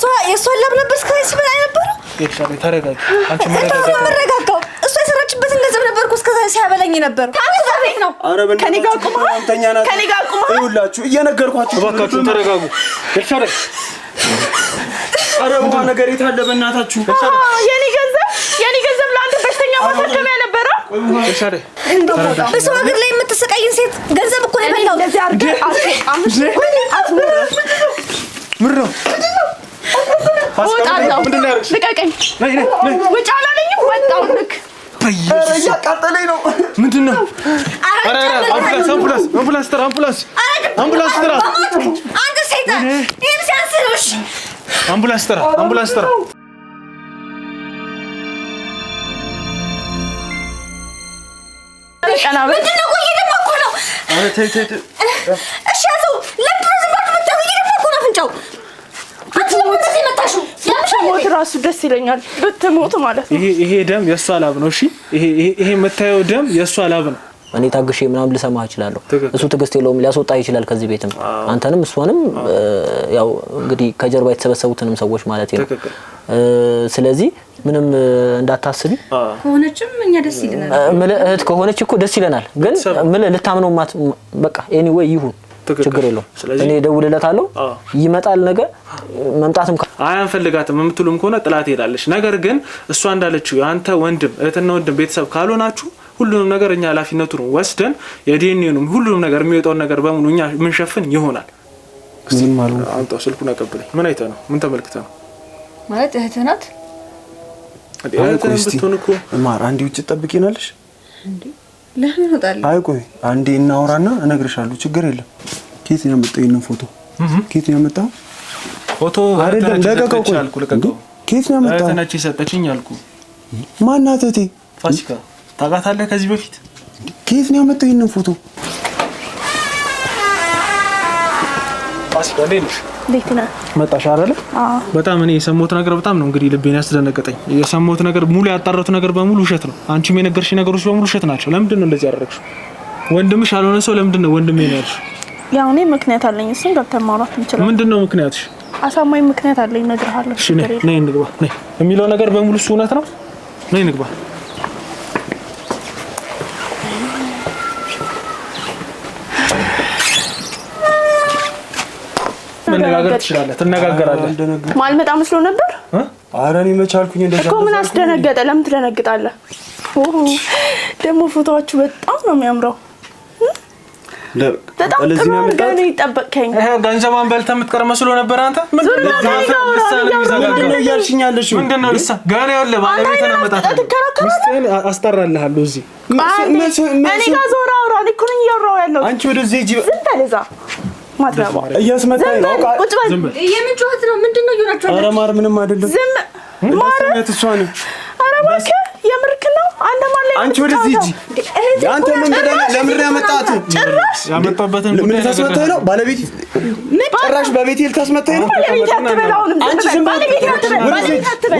እሷ የእሷን ላብለበስ ከስ ምን አይነበሩ ተረጋጊ። መረጋጋው እሷ የሰራችበትን ገንዘብ ነበርኩ እስከ ሲያበላኝ ነበር። ቤት ነው ከኔ እየነገርኳችሁ፣ እባካችሁን ተረጋጉ። ረዋ ነገር የታለ? በእናታችሁ የኔ ገንዘብ የኔ ገንዘብ ለአንድ በሽተኛ ማሳከሚያ ነበረ። በሰው ሀገር ላይ የምትሰቃይን ሴት ገንዘብ እኮ ነው የበላው። ልቀቀኝ! ውጭ አላለኝም። ምንድን ነው? ሞት ራሱ ደስ ይለኛል ብትሞት ማለት ነው። ይሄ ደም የእሷ ላብ ነው። እሺ ይሄ የምታየው ደም የእሷ ላብ ነው። እኔ ታግሼ ምናምን ልሰማህ እችላለሁ። እሱ ትዕግስት የለውም፣ ሊያስወጣ ይችላል ከዚህ ቤትም አንተንም እሷንም። ያው እንግዲህ ከጀርባ የተሰበሰቡትንም ሰዎች ማለት ነው። ስለዚህ ምንም እንዳታስቢ። ከሆነችም እኛ ደስ ይለናል። እህት ከሆነች እኮ ደስ ይለናል። ግን ምን ልታምነው በቃ ኤኒዌይ ይሁን ችግር የለው። እኔ እደውልለታለሁ፣ ይመጣል። ነገ መምጣትም አያንፈልጋትም የምትሉም ከሆነ ጥላት ሄዳለች። ነገር ግን እሷ እንዳለችው የአንተ ወንድም እህትና ወንድም ቤተሰብ ካልሆናችሁ ሁሉንም ነገር እኛ ኃላፊነቱን ወስደን የዲኤንኤውንም ሁሉንም ነገር የሚወጣውን ነገር በሙሉ እኛ የምንሸፍን ይሆናል። አምጣው ስልኩን አቀብለኝ። ምን አይተህ ነው? ምን ተመልክተህ ነው? ማለት እህትህ ናት። እህትህ ብትሆን እኮ ማር አንዴ ውጭ ትጠብቂናለሽ። ለምን እወጣለሁ? አይ ቆይ አንዴ እናውራና እነግርሻለሁ። ችግር የለም። ኬት ነው ያመጣው? ይሄንን ፎቶ ኬት ነው ያመጣው? ፎቶ አይደለም፣ ለቀቀው። ቆይ ኬት ነው ያመጣው? እህትነች የሰጠችኝ አልኩ። ማናት እህቴ? ፋሲካ ታውቃታለህ? ከዚህ በፊት ኬት ነው ያመጣው ይሄንን ፎቶ? ፋሲካ እንዴት ነሽ? እንዴት ነህ? መጣሽ አይደለ? በጣም እኔ የሰማሁት ነገር በጣም ነው እንግዲህ ልቤን ያስደነገጠኝ። የሰማሁት ነገር ሙሉ ያጣራሁት ነገር በሙሉ ውሸት ነው። አንቺም የነገርሽ ነገሮች በሙሉ ውሸት ናቸው። ለምንድን ነው እንደዚህ ያደረግሽው? ወንድምሽ ያልሆነ ሰው ለምንድን ነው ወንድሜ ነው ያልሽው? ያው እኔ ምክንያት አለኝ። እሱን ገብተን ማውራት እንችላለን። ምንድን ነው ምክንያትሽ? አሳማኝ ምክንያት አለኝ፣ እነግርሃለሁ። እሺ ነይ፣ ነይ እንግባ ነይ የሚለው ነገር በሙሉ እሱ እውነት ነው። ነይ እንግባ። መነጋገር ትችላለህ፣ ትነጋገራለህ። ማልመጣ መስሎ ነበር። ኧረ እኔ መች አልኩኝ እንደዛ እኮ። ምን አስደነገጠ? ለምን ትደነግጣለህ? ደግሞ ፎቶዎቹ በጣም ነው የሚያምረው። በጣም ጥሩ አድርገህ ነው የጠበቅከኝ። የምትቀር መስሎ ነበር። አንተ ምንድን እያልሽኝ ያለሽው? ምንድን ልሳ ገና ያለ ባለቤት ነው አስጠራልሃለሁ። እዚህ እኔ ጋር ዞር አውራ። እኔ እኮ ነኝ እያወራሁ ያለሁት። አንቺ ወደዚህ ሂጂ። ዝም በል እዛ ማትረባው እያስመጣኝ ነው። ቁጭ በል። የምን ጩኸት ነው? ምንድን ነው እየሆናችሁ? ኧረ ማር ምንም አይደለም። ዝም ማር። እሷ ነች። ኧረ እባክህ የምርክ ነው አንደማ አንቺ ወደዚህ እጂ። ያንተ መንገድ ለምን ያመጣት? ያመጣበትን ጉዳይ ልታስመታኝ ነው። ባለቤት ጭራሽ በቤቴ ልታስመታኝ ነው። አንቺ ዝም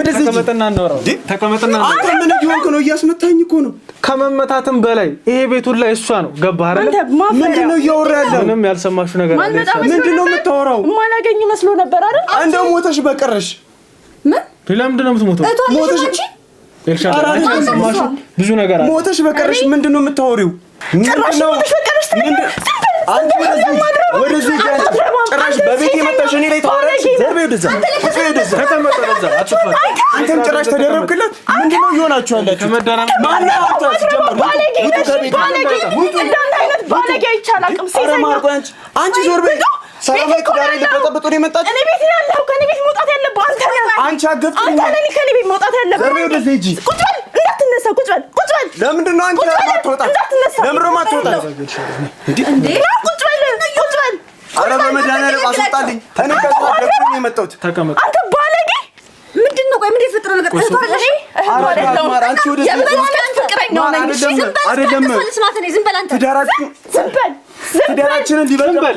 ወደዚህ ተቀመጥና እናወራው። ተቀመጥና አንተ ምን እየሆንክ ነው? እያስመታኝ እኮ ነው። ከመመታትም በላይ ይሄ ቤቱን ላይ እሷ ነው። ገባህ አይደል? ምንድን ነው እያወራ ያለ? ምንም ያልሰማሽ ነገር አለ። ምንድን ነው የምታወራው? ማላገኝ መስሎ ነበር አይደል? እንደው ሞተሽ በቀረሽ ምን? ለምንድን ነው የምትሞተው? ሞተሽ ብዙ ነገር አለ። ሞተሽ በቀረሽ ምንድን ነው የምታወሪው? ጭራሽ በቤት የመጣሽ እኔ ላይ አንተም ጭራሽ ተደረብክለት። ምንድን ነው እየሆናችሁ ያላችሁ? አንቺ ዞር በይ ሰላም ላይ ትዳሬ ልበጠብጥ ነው የመጣችው። እኔ ቤት ያለው ከኔ ቤት መውጣት ያለብህ አንተ ነህ። አንቺ አገፍት አንተ ነህ። ከኔ ቤት መውጣት ያለብህ ዘሬ ወደዚህ ሂጂ። ቁጭ በል እንዳትነሳ። ቁጭ በል ቁጭ በል። ለምንድን ነው አንቺ አትወጣ? እንዳትነሳ። ለምንድን ነው አትወጣ? እንዴ ነው ቁጭ በል ቁጭ በል። አረ በመድኃኒዓለም አስወጣልኝ። እኔ ከዛ ደብቅ ነው የመጣሁት። ተቀመጥ አንተ ባለጌ። ምንድን ነው ቆይ፣ ምንድን ነው ነገር? እህቷ አይደለሽ? እህቷ አይደለም አንቺ ወደዚህ ፍቅረኛው ነኝ። ዝም በል፣ ዝም በል፣ ዝም በል አንተ። ትዳራችን ትዳራችንን ሊበል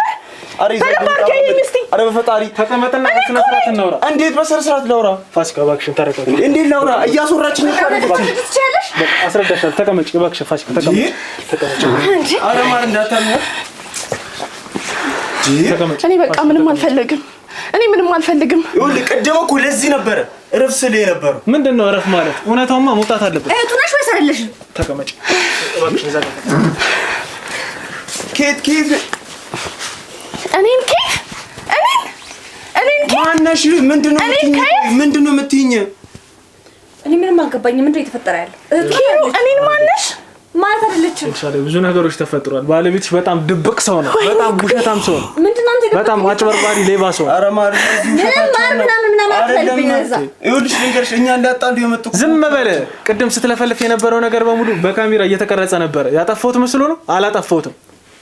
ኧረ በፈጣሪ እንዴት በስነ ስርዓት ላውራ? ፋሲካ እባክሽን ተረጋጊ። እንዴት ላውራ? እያስወራችኝ ነው። ተቀመጭ እባክሽን ፋሲካ ተቀመጭ። እኔ በቃ ምንም አልፈለግም። እኔ ምንም አልፈልግም። ይኸውልህ ቅድም እኮ ለዚህ ነበረ እረፍ ስል የነበረው ምንድን ነው? እረፍ ማለት እውነታውማ መውጣት አለበት። እህቱ ነሽ ወይስ አይደለሽም? ተቀመጭ። ከየት ከየት እኔን ኬ እኔን እኔን ኬ ማነሽ? ምንድን ነው ምንድን ነው የምትይኝ? እኔ ምንም አልገባኝም። ምንድን ነው የተፈጠረ ያለው? እኔን ማነሽ ማለት አይደለችም። ብዙ ነገሮች ተፈጥሯል። ባለቤትሽ በጣም ድብቅ ሰው ነው። በጣም ውሸታም ሰው ነው። በጣም አጭበርባሪ ሌባ ሰው ዝም በለ። ቅድም ስትለፈልፍ የነበረው ነገር በሙሉ በካሜራ እየተቀረጸ ነበረ። ያጠፋሁት ምስሉ ነው አላጠፋሁትም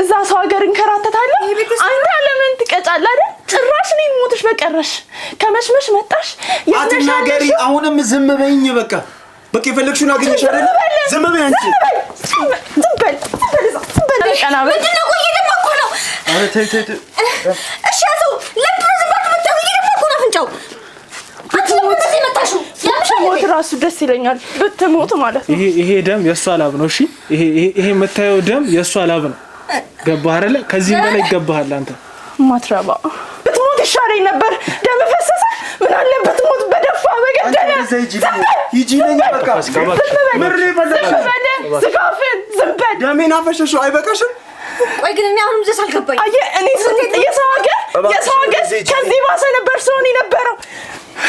እዛ ሰው ሀገር እንከራተታለን። አንተ ለምን ትቀጫለህ አይደል? ጭራሽ እኔ ሞትሽ በቀረሽ ከመሽመሽ መጣሽ። አትናገሪ። አሁንም ዝም በይኝ። በቃ በቃ የፈለግሽውን አገኘሽ አይደል? ዝም በይ አንቺ። ዝም በል ዝም በል። ሞት ራሱ ደስ ይለኛል ብትሞት ማለት ነው። ይሄ ደም የእሷ ላብ ነው። እሺ ይሄ የምታየው ደም የእሷ ላብ ነው። ገባህ አይደለ? ከዚህም በላይ ይገባሃል አንተ ማትረባ። ብትሞት ይሻለኝ ነበር። ደም ፈሰሰ። ምን አለ ሞት በደፋ በገደለ። ደሜን አፈሰሽው አይበቃሽም? ቆይ ግን እኔ አሁንም ድረስ አልገባኝም። አየህ እኔ የሰው ሀገር የሰው ሀገር ከዚህ ባሰ ነበር ሲሆን የነበረው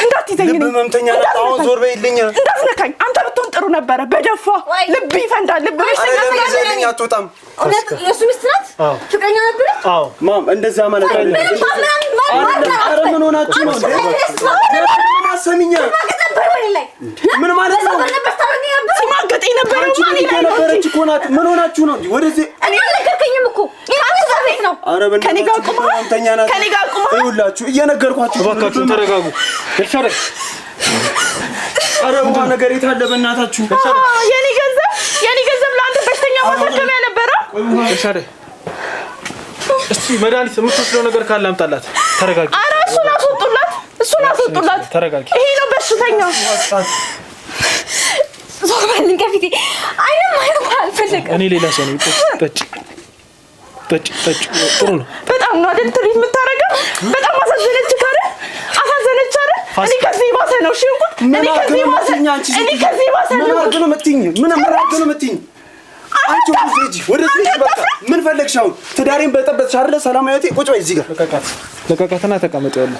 እንዳትይዘኝ፣ ልብ መምተኛ ናት። ዞር በይልኝ፣ እንዳትነካኝ። አንተ ብትሆን ጥሩ ነበረ። በደፋ ልብ ይፈንዳል። ልብ ይዘልኝ፣ አትወጣም። የእሱ ሚስት ናት፣ ፍቅረኛ ነበረች። ማም እንደዛ ማለት ምን ሆናችሁ ነው? አሰሚኛል ምን ማለት ነው? ስማገጥ የነበረው ነበረች እኮ ናት። ምን ሆናችሁ ነው? ወደዚህ እኔ አልነገርከኝም እኮ ሁላችሁ እየነገርኳችሁ፣ እባካችሁ ተረጋጉ። አረቧ ነገር የት አለ? በእናታችሁ የኔ ገንዘብ የኔ ገንዘብ ለአንድ በሽተኛ ማሳከሚያ ነበረ። እስኪ መድኃኒት የምትወስደው ነገር ካለ አምጣላት። ተረጋጊ። እሱን አስወጡላት። ይሄ ነው በሽተኛ ዞርባልን ከፊቴ አይነ ማየት አልፈለግም። እኔ ሌላ ሰው ነው። ነኝ። ጥሩ ነው በጣም ነው አይደል ትሪት የምታደርገው። በጣም አሳዘነች ካረ አሳዘነች አረ እኔ ከዚህ ባሰ ነው ሽንኩት እኔ ከዚህ ባሰ እኔ ከዚህ ባሰ ነው ምን አድርገው የምትይኝ ምን አድርገው የምትይኝ አንቺ ወደዚህ ወደዚህ በቃ ምን ፈለግሽ አሁን? ትዳሬን በጠበጥሽ አይደለ? ሰላማዊ አይወቴ ቁጭ በይ እዚህ ጋር ለቀቃትና ተቀመጥ ያለው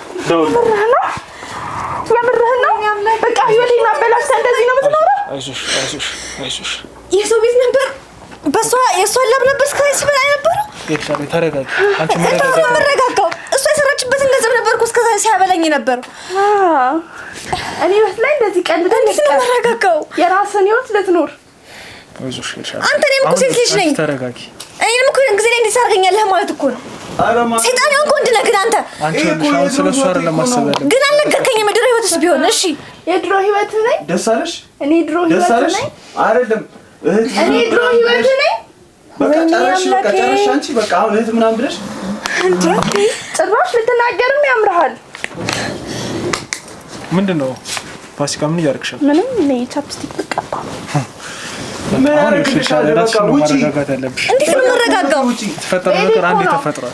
የምርህ ነው? በቃ ህይወቴን አበላሽተህ እንደዚህ ነው የምትኖረው? የሰው ቤት ነበር በእሷ የእሷን ላብ ነበር እስከዚህ በላይ ነበረ። ተረጋጊ። እሷ የሰራችበትን ገንዘብ ነበር እኮ እስከዛ ሲያበላኝ ነበረው። እኔ ቤት ላይ እንደዚህ ቀልድ እንዴት ነው መረጋጋው? የራስን ህይወት ልትኖር አንተ። እኔም እኮ ሴት ልጅ ነኝ። እኔንም እኮ ጊዜ ላይ እንዴት ታደርገኛለህ ማለት እኮ ነው ሴጣን ሆንክ ወንድ ነህ። ግን አንተ ግን አልነገርከኝ የምድሮ ህይወትስ ቢሆን እሺ፣ የድሮ ህይወት ነኝ። ደስ አለሽ? እኔ ድሮ ህይወት ነኝ። አይደለም እኔ ድሮ ህይወት ነኝ። በቃ ጨረሽ፣ በቃ ጨረሽ። አንቺ በቃ አሁን እህት ምናምን ብለሽ ጭራሽ ልትናገርም ያምርሃል። ምንድን ነው ፋሲካ? ምን እያደረግሽ? ምንም ቻፕስቲክ ብቀባ ምን አደረግልሻለሁ? በቃ ውጪ። እንዴት ነው የምረጋጋው? የተፈጠረው ነገር አንዴ ተፈጥሯል።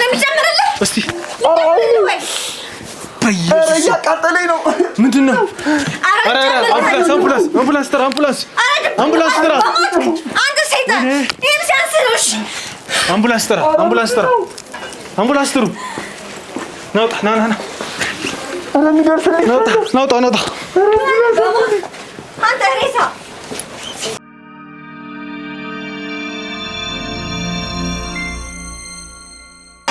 ነው የሚጨምርልህ? እስቲ እያቃጠለኝ ነው። ምንድን ነው? አምቡላንስ ጥራ! አምቡላንስ ጥራ! አምቡላንስ ጥራ! አምቡላንስ ጥሩ! ናውጣ! ና ና! ናውጣ! ናውጣ!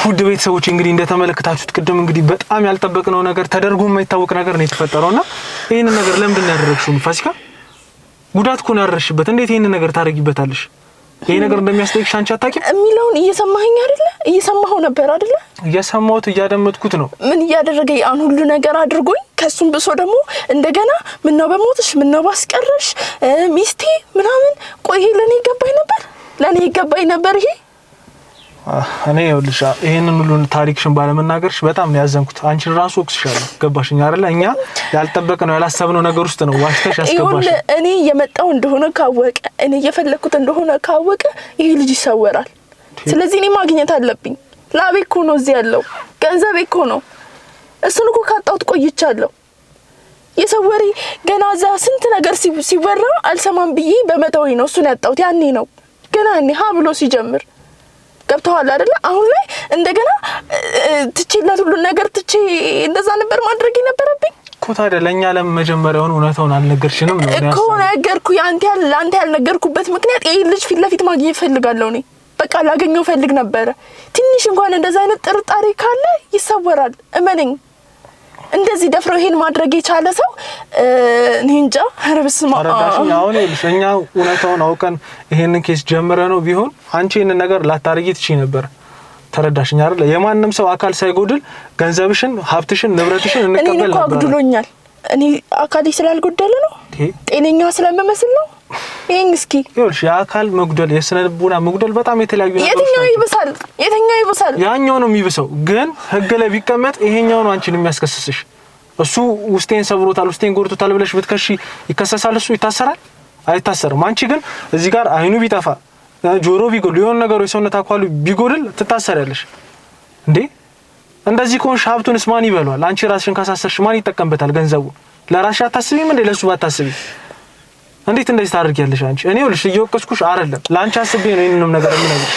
ውድ ቤተሰቦች እንግዲህ እንደተመለከታችሁት ቅድም እንግዲህ በጣም ያልጠበቅነው ነገር ተደርጎ የማይታወቅ ነገር ነው የተፈጠረው እና ይህንን ነገር ለምንድን ያደረግሽው? ፋሲካ ጉዳት ኮን ነው እንዴት ይህንን ነገር ታደርጊበታለሽ? ይሄ ነገር እንደሚያስጠይቅሽ አንቺ አታውቂም የሚለውን እየሰማኸኝ አይደለ? እየሰማኸው ነበር አይደለ? እየሰማሁት እያደመጥኩት ነው። ምን እያደረገ ያን ሁሉ ነገር አድርጎኝ ከሱም ብሶ ደግሞ እንደገና ምነው በሞትሽ ምነው ባስቀረሽ ሚስቴ ምናምን። ቆይ ለኔ ለእኔ ይገባኝ ነበር፣ ለእኔ ይገባኝ ነበር ይሄ እኔ ይኸውልሽ ይህንን ሁሉ ታሪክሽን ባለመናገርሽ በጣም ነው ያዘንኩት። አንቺን ራሱ ወቅስሻለሁ። ገባሽኝ አይደለ? እኛ ነው ያላሰብነው ነገር ውስጥ ነው ዋሽተሽ ያስገባሽ። እኔ እየመጣው እንደሆነ ካወቀ፣ እኔ እየፈለግኩት እንደሆነ ካወቀ ይሄ ልጅ ይሰወራል። ስለዚህ እኔ ማግኘት አለብኝ። ላቤ እኮ ነው እዚህ ያለው ገንዘቤ እኮ ነው። እሱን እኮ ካጣሁት ቆይቻለሁ። የሰው ወሬ ገና እዛ ስንት ነገር ሲወራ አልሰማም ብዬ በመተወኝ ነው እሱን ያጣሁት። ያኔ ነው ገና ያኔ ሀ ብሎ ሲጀምር ገብተዋል አይደለ? አሁን ላይ እንደገና ትቼ ላት ነገር ትቼ እንደዛ ነበር ማድረግ የነበረብኝ እኮ። ታዲያ ለእኛ መጀመሪያውን እውነታውን አልነገርሽንም ነው እኮ ነገርኩ። አንተ ያል ለአንተ ያልነገርኩበት ምክንያት ይህ ልጅ ፊት ለፊት ማግኘት ፈልጋለሁ እኔ በቃ ላገኘው ፈልግ ነበረ። ትንሽ እንኳን እንደዛ አይነት ጥርጣሬ ካለ ይሰወራል፣ እመነኝ። እንደዚህ ደፍረው ይሄን ማድረግ የቻለ ሰው እኔ እንጃ። ኧረ በስመ አብ አሁን ይኸውልሽ፣ እኛ እውነታውን አውቀን ይሄንን ኬስ ጀምረ ነው ቢሆን አንቺ ይህንን ነገር ላታርጊ ትቺ ነበር። ተረዳሽኝ አይደለ? የማንም ሰው አካል ሳይጎድል ገንዘብሽን፣ ሀብትሽን፣ ንብረትሽን እንቀበል ነበር። እኔ አካሌ ስላልጎደለ ነው ጤነኛ ስለምመስል ነው ይሄን እስኪ ይኸውልሽ፣ የአካል መጉደል የስነ ልቦና መጉደል በጣም የተለያዩ ናቸው። የትኛው ይብሳል? የትኛው ይብሳል? ያኛው ነው የሚብሰው፣ ግን ህግ ላይ ቢቀመጥ ይሄኛው ነው አንቺን የሚያስከስስሽ። እሱ ውስጤን ሰብሮታል፣ ውስጤን ጎድቶታል ብለሽ ብትከሺ ይከሰሳል? እሱ ይታሰራል? አይታሰርም። አንቺ ግን እዚህ ጋር አይኑ ቢጠፋ ጆሮ ቢጎል የሆነ ነገሩ የሰውነት አኳሉ ቢጎድል ትታሰሪያለሽ እንዴ! እንደዚህ ከሆንሽ ሀብቱንስ ማን ይበሏል? አንቺ ራስሽን ካሳሰርሽ ማን ይጠቀምበታል? ገንዘቡ ለራስሽ አታስቢም እንዴ? ለሱ ባታስቢ እንዴት እንደዚህ ታደርጊያለሽ? አንቺ እኔ ልሽ እየወቀስኩሽ አይደለም፣ ለአንቺ አስቤ ነው ይሄንንም ነገር የሚነግርሽ።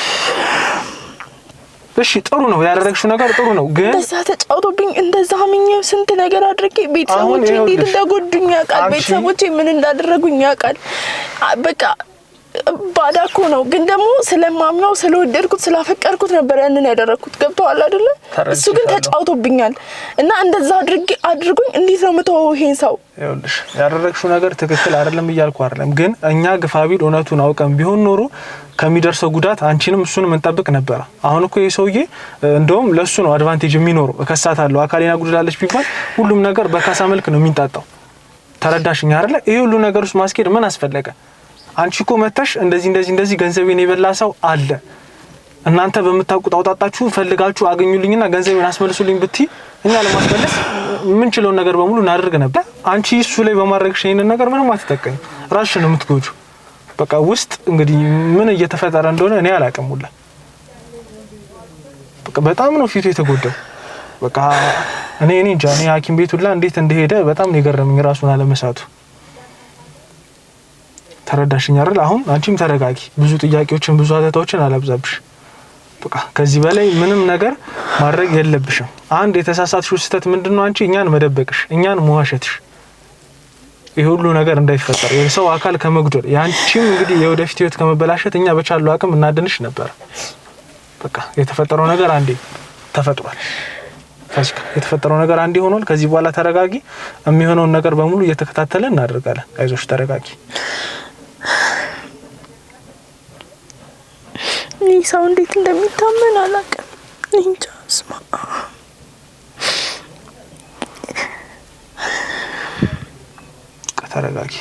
እሺ ጥሩ ነው ያደረግሽው ነገር ጥሩ ነው፣ ግን እንደዛ ተጫውቶብኝ እንደዛ አምኜው ስንት ነገር አድርጌ ቤተሰቦቼ እንዴት እንዳጎዱኝ ያውቃል። ቤተሰቦቼ ምን እንዳደረጉኝ ያውቃል። በቃ ባዳ እኮ ነው ግን ደግሞ ስለማምነው ስለወደድኩት ስላፈቀርኩት ነበር ያንን ያደረግኩት። ገብተዋል አይደለ? እሱ ግን ተጫውቶብኛል እና እንደዛ አድርግ አድርጉኝ። እንዴት ነው የምተወው ይሄን ሰው? ይኸውልሽ ያደረግሽው ነገር ትክክል አይደለም እያልኩ አይደለም፣ ግን እኛ ግፋቢል እውነቱን አውቀን ቢሆን ኖሮ ከሚደርሰው ጉዳት አንቺንም እሱንም እንጠብቅ ነበረ። አሁን እኮ ይህ ሰውዬ እንደውም ለእሱ ነው አድቫንቴጅ የሚኖረው። እከሳታለሁ፣ አካሌና ጉድላለች ቢባል ሁሉም ነገር በካሳ መልክ ነው የሚንጣጣው። ተረዳሽኛ አይደለ? ይህ ሁሉ ነገር ውስጥ ማስኬድ ምን አስፈለገ? አንቺ እኮ መተሽ እንደዚህ እንደዚህ እንደዚህ ገንዘቤን የበላ ሰው አለ እናንተ በምታውቁት አውጣጣችሁ ፈልጋችሁ አገኙልኝና ገንዘቤን አስመልሱልኝ ብትይ እኛ ለማስመለስ የምንችለውን ነገር በሙሉ እናደርግ ነበር። አንቺ እሱ ላይ በማድረግሽ ይሄንን ነገር ምንም አትጠቀኝ፣ ራስሽን ነው የምትጎጁ። በቃ ውስጥ እንግዲህ ምን እየተፈጠረ እንደሆነ እኔ አላውቅም። ሁላ በቃ በጣም ነው ፊቱ የተጎዳው። በቃ እኔ እኔ እንጃ እኔ ሐኪም ቤት ሁላ እንዴት እንደሄደ በጣም ነው የገረመኝ ራሱን አለመሳቱ ተረዳሽኝ አይደል? አሁን አንቺም ተረጋጊ። ብዙ ጥያቄዎችን ብዙ አተታዎችን አላብዛብሽ። በቃ ከዚህ በላይ ምንም ነገር ማድረግ የለብሽም። አንድ የተሳሳትሽው ስህተት ምንድነው? አንቺ እኛን መደበቅሽ፣ እኛን መዋሸትሽ፣ ይህ ሁሉ ነገር እንዳይፈጠር የሰው አካል ከመጉደል የአንቺም እንግዲህ የወደፊት ህይወት ከመበላሸት እኛ በቻሉ አቅም እናድንሽ ነበር። በቃ የተፈጠረው ነገር አንዴ ተፈጥሯል። የተፈጠረው ነገር አንዴ ሆኗል። ከዚህ በኋላ ተረጋጊ። የሚሆነውን ነገር በሙሉ እየተከታተለ እናደርጋለን። አይዞሽ፣ ተረጋጊ። ይህ ሰው እንዴት እንደሚታመን አላውቅም። እንጃ ስማ ተረጋጊ።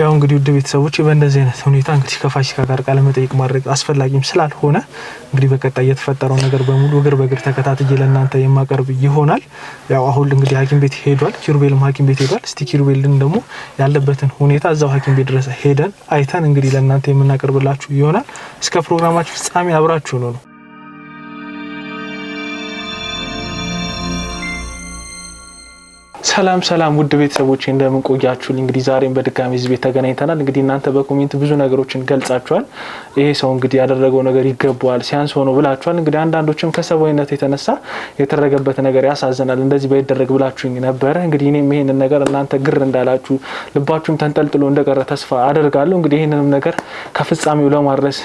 ያው እንግዲህ ውድ ቤተሰቦች በእንደዚህ አይነት ሁኔታ እንግዲህ ከፋሲካ ጋር ቃለ መጠይቅ ማድረግ አስፈላጊም ስላልሆነ እንግዲህ በቀጣይ የተፈጠረው ነገር በሙሉ እግር በእግር ተከታትዬ ለእናንተ የማቀርብ ይሆናል። ያው አሁን እንግዲህ ሐኪም ቤት ሄዷል፣ ኪሩቤልም ሐኪም ቤት ሄዷል። እስቲ ኪሩቤልን ደግሞ ያለበትን ሁኔታ እዛው ሐኪም ቤት ድረስ ሄደን አይተን እንግዲህ ለእናንተ የምናቀርብላችሁ ይሆናል። እስከ ፕሮግራማችሁ ፍጻሜ አብራችሁ ነው ነው ሰላም ሰላም ውድ ቤተሰቦች እንደምንቆያችሁል። እንግዲህ ዛሬም በድጋሚ እዚህ ቤት ተገናኝተናል። እንግዲህ እናንተ በኮሜንት ብዙ ነገሮችን ገልጻችኋል። ይሄ ሰው እንግዲህ ያደረገው ነገር ይገባዋል፣ ሲያንስ ሆኖ ብላችኋል። እንግዲህ አንዳንዶችም ከሰብአዊነት የተነሳ የተደረገበት ነገር ያሳዝናል፣ እንደዚህ ባይደረግ ብላችሁኝ ነበረ። እንግዲህ እኔም ይሄንን ነገር እናንተ ግር እንዳላችሁ ልባችሁም ተንጠልጥሎ እንደቀረ ተስፋ አደርጋለሁ። እንግዲህ ይህንንም ነገር ከፍጻሜው ለማድረስ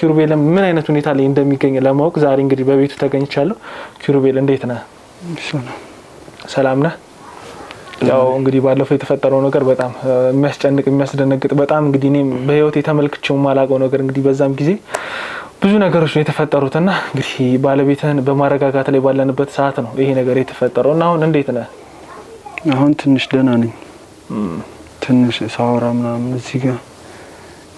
ኪሩቤልም ምን አይነት ሁኔታ ላይ እንደሚገኝ ለማወቅ ዛሬ እንግዲህ በቤቱ ተገኝቻለሁ። ኪሩቤል እንዴት ነህ? ሰላም ነህ? ያው እንግዲህ ባለፈው የተፈጠረው ነገር በጣም የሚያስጨንቅ የሚያስደነግጥ በጣም እንግዲህ እኔም በህይወት የተመልክቼው ማላቀው ነገር እንግዲህ በዛም ጊዜ ብዙ ነገሮች ነው የተፈጠሩት ና እንግዲህ ባለቤትህን በማረጋጋት ላይ ባለንበት ሰዓት ነው ይሄ ነገር የተፈጠረው። እና አሁን እንዴት ነ አሁን ትንሽ ደህና ነኝ። ትንሽ ሳወራ ምናምን እዚህ ጋር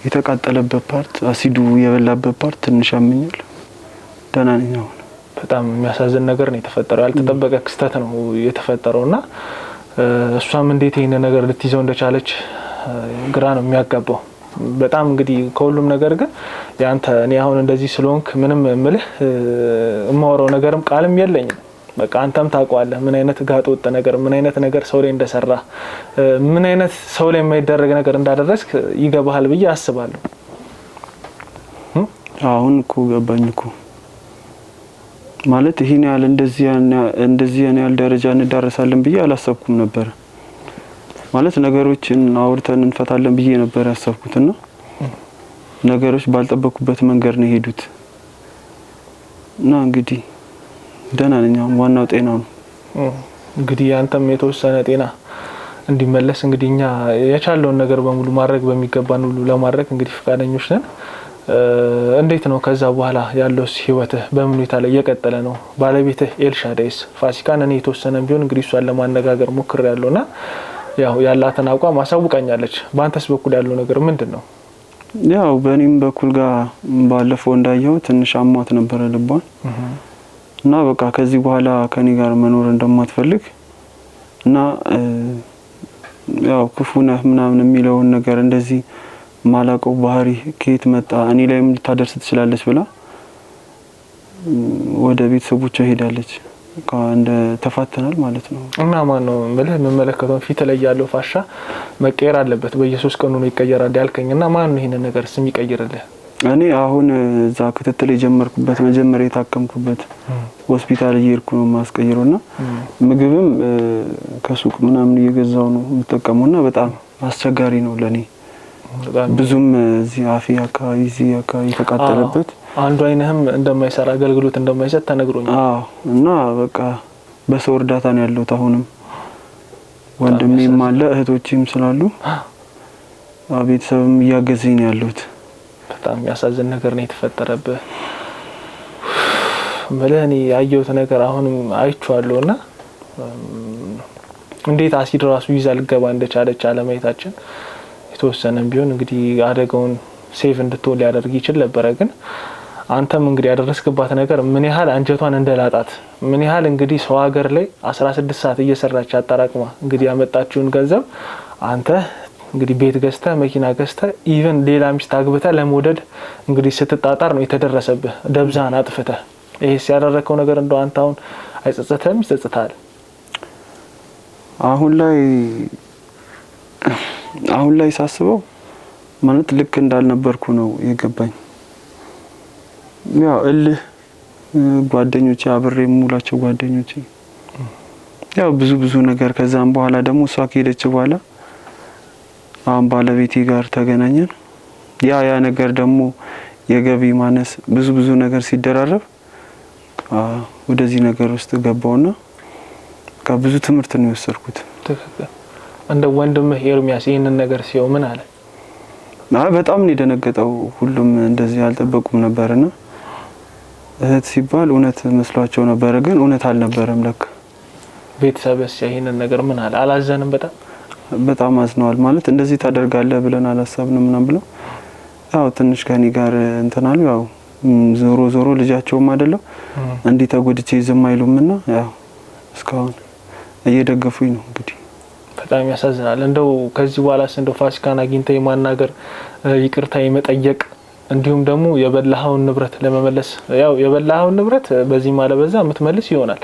የተቃጠለበት ፓርት አሲዱ የበላበት ፓርት ትንሽ ያመኛል። ደህና ነኝ አሁን። በጣም የሚያሳዝን ነገር ነው የተፈጠረው። ያልተጠበቀ ክስተት ነው የተፈጠረው እና እሷም እንዴት ይህን ነገር ልትይዘው እንደቻለች ግራ ነው የሚያጋባው። በጣም እንግዲህ ከሁሉም ነገር ግን ያንተ እኔ አሁን እንደዚህ ስለሆንክ ምንም ምልህ የማወራው ነገርም ቃልም የለኝም። በቃ አንተም ታውቀዋለህ፣ ምን አይነት ጋጥ ወጥ ነገር ምን አይነት ነገር ሰው ላይ እንደሰራ ምን አይነት ሰው ላይ የማይደረግ ነገር እንዳደረስክ ይገባሃል ብዬ አስባለሁ። አሁን እኮ ገባኝ እኮ ማለት ይህን ያህል እንደዚህ ያን ያህል ደረጃ እንዳረሳለን ብዬ አላሰብኩም ነበር። ማለት ነገሮችን አውርተን እንፈታለን ብዬ ነበር ያሰብኩትና ነገሮች ባልጠበቁበት መንገድ ነው የሄዱት እና እንግዲህ ደህና ነኝ። ዋናው ጤና ነው። እንግዲህ ያንተም የተወሰነ ጤና እንዲመለስ እንግዲህ እኛ የቻለውን ነገር በሙሉ ማድረግ በሚገባን ሁሉ ለማድረግ እንግዲህ ፈቃደኞች ነን። እንዴት ነው ከዛ በኋላ ያለውስ ህይወትህ በምን ሁኔታ ላይ እየቀጠለ ነው? ባለቤትህ ኤልሻዳይስ? ፋሲካን እኔ የተወሰነ ቢሆን እንግዲህ እሷን ለማነጋገር ሞክር ና ያው ያላትን አቋም አሳውቃኛለች። በአንተስ በኩል ያለው ነገር ምንድን ነው? ያው በእኔም በኩል ጋር ባለፈው እንዳየው ትንሽ አሟት ነበረ ልቧን እና በቃ ከዚህ በኋላ ከኔ ጋር መኖር እንደማትፈልግ እና ያው ክፉ ነህ ምናምን የሚለውን ነገር እንደዚህ ማላቀው ባህሪ ከየት መጣ እኔ ላይም ልታደርስ ትችላለች ብላ ወደ ቤተሰቦቿ ሄዳለች። እንደ ተፋተናል ማለት ነው። እና ማን ነው የምልህ የምመለከተው ፊት ላይ ያለው ፋሻ መቀየር አለበት። በየሶስት ቀኑ ነው ይቀየራል ያልከኝ እና ማን ነው ይሄንን ነገር ስም ይቀይርልህ? እኔ አሁን እዛ ክትትል የጀመርኩበት መጀመሪያ የታከምኩበት ሆስፒታል እየሄድኩ ነው የማስቀይረው እና ምግብም ከሱቅ ምናምን እየገዛው ነው የምጠቀመው እና በጣም አስቸጋሪ ነው ለእኔ ብዙም እዚህ አፊ አካባቢ እዚህ አካባቢ ተቃጠለበት አንዱ አይነህም እንደማይሰራ አገልግሎት እንደማይሰጥ ተነግሮኛል። አዎ እና በቃ በሰው እርዳታ ነው ያለሁት። አሁንም ወንድሜም አለ እህቶችም ስላሉ ቤተሰብም እያገዘኝ ነው ያለሁት። በጣም የሚያሳዝን ነገር ነው የተፈጠረብህ። ምልህ እኔ ያየሁት ነገር አሁንም አይቼዋለሁ እና እንዴት አሲድ ራሱ ይዛ ልገባ እንደቻለች አለማየታችን የተወሰነም ቢሆን እንግዲህ አደጋውን ሴቭ እንድትሆን ሊያደርግ ይችል ነበረ። ግን አንተም እንግዲህ ያደረስክባት ነገር ምን ያህል አንጀቷን እንደላጣት ምን ያህል እንግዲህ ሰው ሀገር ላይ አስራ ስድስት ሰዓት እየሰራች አጠራቅማ እንግዲህ ያመጣችውን ገንዘብ አንተ እንግዲህ ቤት ገዝተ መኪና ገዝተ ኢቨን ሌላ ሚስት አግብተ ለመውደድ እንግዲህ ስትጣጣር ነው የተደረሰብህ። ደብዛን አጥፍተ ይሄስ ያደረግከው ነገር እንደ አንተ አሁን አይጸጸተም? ይጸጽታል አሁን ላይ አሁን ላይ ሳስበው ማለት ልክ እንዳልነበርኩ ነው የገባኝ። ያው እልህ ጓደኞቼ አብሬ የምውላቸው ጓደኞቼ ያው ብዙ ብዙ ነገር ከዛም በኋላ ደግሞ እሷ ከሄደች በኋላ አሁን ባለቤቴ ጋር ተገናኘን። ያ ያ ነገር ደግሞ የገቢ ማነስ ብዙ ብዙ ነገር ሲደራረብ ወደዚህ ነገር ውስጥ ገባውና ከብዙ ትምህርት ነው የወሰድኩት። እንደ ወንድምህ ኤርሚያስ ይህንን ነገር ሲየው ምን አለ? በጣም ነው የደነገጠው። ሁሉም እንደዚህ አልጠበቁም ነበርና እህት ሲባል እውነት መስሏቸው ነበረ፣ ግን እውነት አልነበረም ለካ። ቤተሰብስ ይህንን ነገር ምን አለ? አላዘንም። በጣም በጣም አዝነዋል። ማለት እንደዚህ ታደርጋለህ ብለን አላሰብንም ምናምን ብለው ያው ትንሽ ከኔ ጋር እንትናሉ። ያው ዞሮ ዞሮ ልጃቸውም አይደለም እንዲህ ተጎድቼ ዝም አይሉምና ያው እስካሁን እየደገፉኝ ነው እንግዲህ በጣም ያሳዝናል። እንደው ከዚህ በኋላስ እንደው ፋሲካን አግኝተ የማናገር ይቅርታ የመጠየቅ እንዲሁም ደግሞ የበላኸውን ንብረት ለመመለስ ያው የበላኸውን ንብረት በዚህ ማለበዛ የምትመልስ ይሆናል።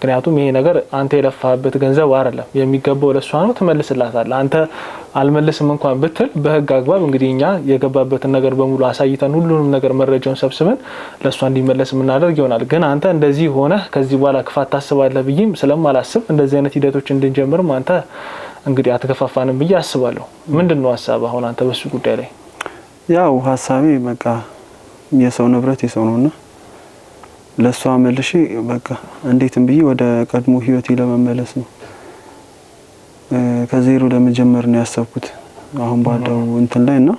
ምክንያቱም ይሄ ነገር አንተ የለፋበት ገንዘብ አይደለም፣ የሚገባው ለእሷ ነው፣ ትመልስላታል። አንተ አልመልስም እንኳን ብትል በህግ አግባብ እንግዲህ እኛ የገባበትን ነገር በሙሉ አሳይተን ሁሉንም ነገር መረጃውን ሰብስበን ለእሷ እንዲመለስ የምናደርግ ይሆናል። ግን አንተ እንደዚህ ሆነ ከዚህ በኋላ ክፋት ታስባለህ ብዬም ስለማላስብ እንደዚህ አይነት ሂደቶች እንድንጀምርም አንተ እንግዲህ አትገፋፋንም ብዬ አስባለሁ። ምንድን ነው ሀሳብ አሁን አንተ በሱ ጉዳይ ላይ? ያው ሀሳቤ በቃ የሰው ንብረት የሰው ነውና ለእሷ መልሼ በቃ እንዴትም ብዬ ወደ ቀድሞ ህይወቴ ለመመለስ ነው ከዜሮ ለመጀመር ነው ያሰብኩት አሁን ባለው እንትን ላይ እና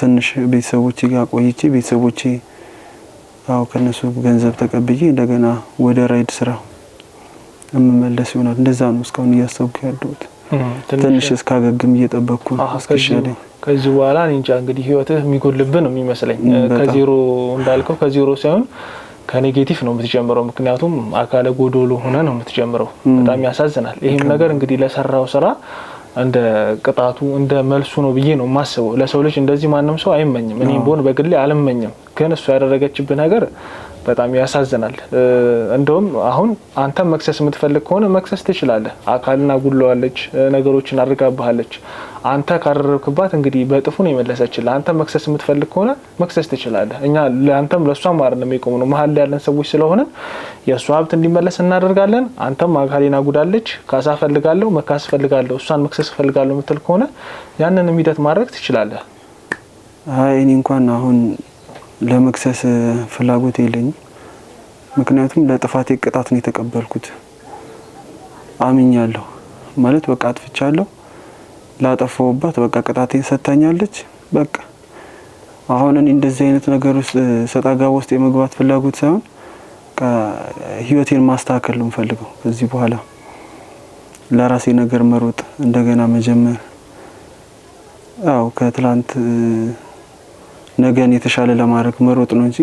ትንሽ ቤተሰቦቼ ጋር ቆይቼ ቤተሰቦቼ አው ከነሱ ገንዘብ ተቀብዬ እንደገና ወደ ራይድ ስራ የምመለስ ይሆናል። እንደዛ ነው እስካሁን እያሰብኩ ያለሁት። ትንሽ እስካገግም እየጠበቅኩ እስከሻለኝ ከዚህ በኋላ እንጃ እንግዲህ ህይወትህ የሚጎልብህ ነው የሚመስለኝ ከዜሮ እንዳልከው ከዜሮ ሳይሆን ከኔጌቲቭ ነው የምትጀምረው። ምክንያቱም አካለ ጎዶሎ ሆነ ነው የምትጀምረው። በጣም ያሳዝናል። ይህም ነገር እንግዲህ ለሰራው ስራ እንደ ቅጣቱ እንደ መልሱ ነው ብዬ ነው የማስበው። ለሰው ልጅ እንደዚህ ማንም ሰው አይመኝም። እኔም ቢሆን በግሌ አልመኝም። ግን እሱ ያደረገችብህ ነገር በጣም ያሳዝናል። እንደውም አሁን አንተም መክሰስ የምትፈልግ ከሆነ መክሰስ ትችላለህ። አካልን አጉድለዋለች፣ ነገሮችን አድርጋብሃለች። አንተ ካደረብክባት እንግዲህ በጥፉ ነው የመለሰችል። አንተ መክሰስ የምትፈልግ ከሆነ መክሰስ ትችላለህ። እኛ ለአንተም ለእሷም አይደለም የሚቆሙ ነው መሀል ያለን ሰዎች ስለሆንን የእሷ ሀብት እንዲመለስ እናደርጋለን። አንተም አካሌን አጉዳለች፣ ካሳ ፈልጋለሁ፣ መካስ ፈልጋለሁ፣ እሷን መክሰስ ፈልጋለሁ የምትል ከሆነ ያንንም ሂደት ማድረግ ትችላለህ። አይ እኔ እንኳን አሁን ለመክሰስ ፍላጎት የለኝም። ምክንያቱም ለጥፋቴ ቅጣት ነው የተቀበልኩት። አምኛለሁ ማለት በቃ አጥፍቻለሁ ላጠፋውባት በቃ ቅጣቴን ሰጥታኛለች። በቃ አሁን እኔ እንደዚህ አይነት ነገር ውስጥ ሰጣጋ ውስጥ የመግባት ፍላጎት ሳይሆን ህይወቴን ማስተካከል ነው የምፈልገው። ከዚህ በኋላ ለራሴ ነገር መሮጥ እንደገና መጀመር፣ ያው ከትላንት ነገን የተሻለ ለማድረግ መሮጥ ነው እንጂ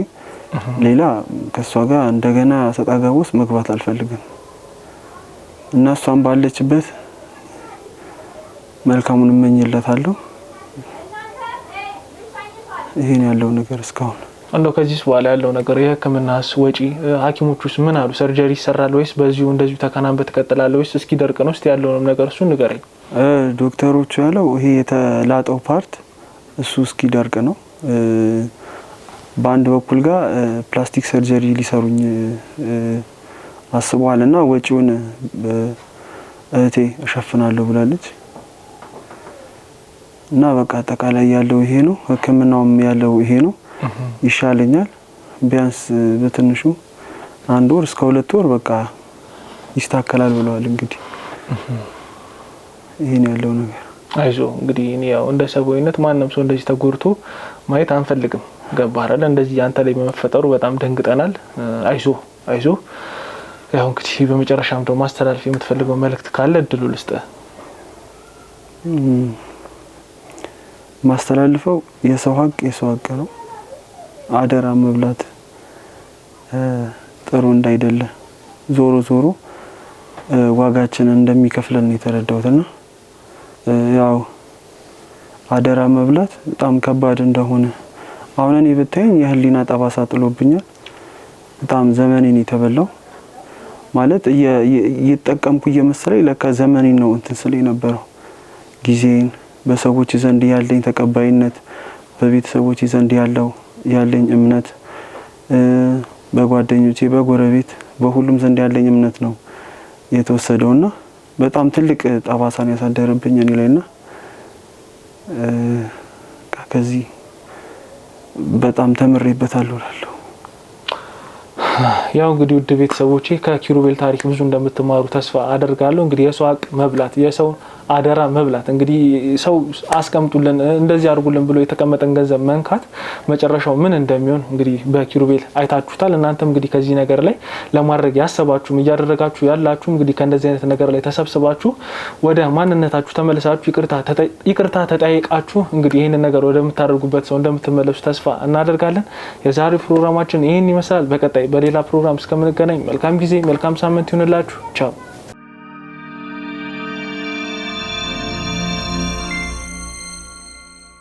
ሌላ ከእሷ ጋር እንደገና ሰጣጋ ውስጥ መግባት አልፈልግም እና እሷን ባለችበት መልካሙን እመኝለታለሁ። ይሄን ያለው ነገር እስካሁን እንደው ከዚህ በኋላ ያለው ነገር የህክምናስ ወጪ ሐኪሞቹስ ምን አሉ? ሰርጀሪ ይሰራል ወይስ በዚሁ እንደዚሁ ተከናንበ ትቀጥላለ ወይስ እስኪ ደርቅ ነው? እስቲ ያለውንም ነገር እሱ ንገረኝ። ዶክተሮቹ ያለው ይሄ የተላጠው ፓርት እሱ እስኪ ደርቅ ነው። በአንድ በኩል ጋር ፕላስቲክ ሰርጀሪ ሊሰሩኝ አስበዋል እና ወጪውን እህቴ እሸፍናለሁ ብላለች። እና በቃ አጠቃላይ ያለው ይሄ ነው። ህክምናውም ያለው ይሄ ነው። ይሻለኛል ቢያንስ በትንሹ አንድ ወር እስከ ሁለት ወር በቃ ይስተካከላል ብለዋል። እንግዲህ ይሄን ያለው ነገር አይዞ እንግዲህ እኔ ያው እንደ ሰብአዊነት ማንም ሰው እንደዚህ ተጎድቶ ማየት አንፈልግም። ገባራለ እንደዚህ አንተ ላይ በመፈጠሩ በጣም ደንግጠናል። አይዞ አይዞ ያው እንግዲህ በመጨረሻም ደግሞ ማስተላለፍ የምትፈልገው መልእክት ካለ እድሉ ልስጥ። ማስተላልፈው የሰው ሀቅ የሰው ሀቅ ነው። አደራ መብላት ጥሩ እንዳይደለ ዞሮ ዞሮ ዋጋችንን እንደሚከፍለን የተረዳሁትና ያው አደራ መብላት በጣም ከባድ እንደሆነ አሁን እኔ ብታየኝ የህሊና ጠባሳ ጥሎብኛል። በጣም ዘመኔን የተበላው ማለት እየጠቀምኩ እየመሰለኝ ለካ ዘመኔን ነው እንትን ስለ የነበረው ጊዜን በሰዎች ዘንድ ያለኝ ተቀባይነት፣ በቤተሰቦች ዘንድ ያለው ያለኝ እምነት፣ በጓደኞቼ፣ በጎረቤት፣ በሁሉም ዘንድ ያለኝ እምነት ነው የተወሰደውና በጣም ትልቅ ጠባሳን ያሳደረብኝ እኔ ላይና ከዚህ በጣም ተምሬበታለሁ እላለሁ። ያው እንግዲህ ውድ ቤተሰቦቼ ከኪሩቤል ታሪክ ብዙ እንደምትማሩ ተስፋ አደርጋለሁ። እንግዲህ የሰው መብላት የሰውን አደራ መብላት እንግዲህ ሰው አስቀምጡልን እንደዚህ አድርጉልን ብሎ የተቀመጠን ገንዘብ መንካት መጨረሻው ምን እንደሚሆን እንግዲህ በኪሩቤል አይታችሁታል። እናንተም እንግዲህ ከዚህ ነገር ላይ ለማድረግ ያሰባችሁም እያደረጋችሁ ያላችሁ እንግዲህ ከእንደዚህ አይነት ነገር ላይ ተሰብስባችሁ ወደ ማንነታችሁ ተመልሳችሁ ይቅርታ ተጠያይቃችሁ እንግዲህ ይህንን ነገር ወደምታደርጉበት ሰው እንደምትመለሱ ተስፋ እናደርጋለን። የዛሬው ፕሮግራማችን ይህን ይመስላል። በቀጣይ በሌላ ፕሮግራም እስከምንገናኝ መልካም ጊዜ፣ መልካም ሳምንት ይሁንላችሁ። ቻው